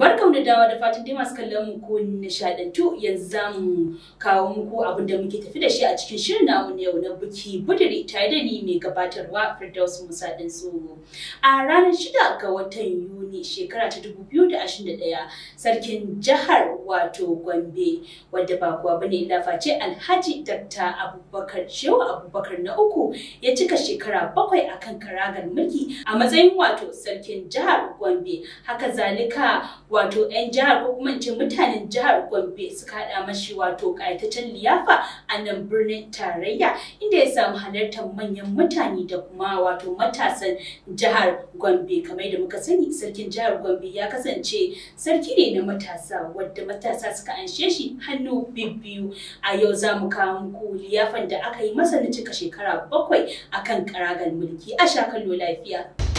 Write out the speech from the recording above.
Barkam da dawa da fatan dai masu kallon mu ko nishadantu yanzu za mu kawo muku abin da muke tafi da shi a cikin shirin namu na yau na buki budiri tare da ni mai gabatarwa Firdaus Musa din A ranar shida ga watan Yuni shekara ta 2021 sarkin jihar wato Gombe wadda ba kuwa bane laface Alhaji Dakta Abubakar Shehu Abubakar na uku ya cika shekara bakwai akan karagar mulki a matsayin wato sarkin jihar Gombe haka zalika wato 'yan jihar ko kuma ce mutanen jihar Gombe suka haɗa mashi wato ƙayataccen liyafa a nan birnin tarayya inda ya samu halartar manyan mutane da kuma wato matasan jihar Gombe kamar da muka sani sarkin jihar Gombe ya kasance sarki ne na matasa wadda matasa suka anshe shi hannu bibbiyu a yau za mu kawo muku liyafan da aka yi masa na cika shekara bakwai akan karagar mulki a sha kallo lafiya.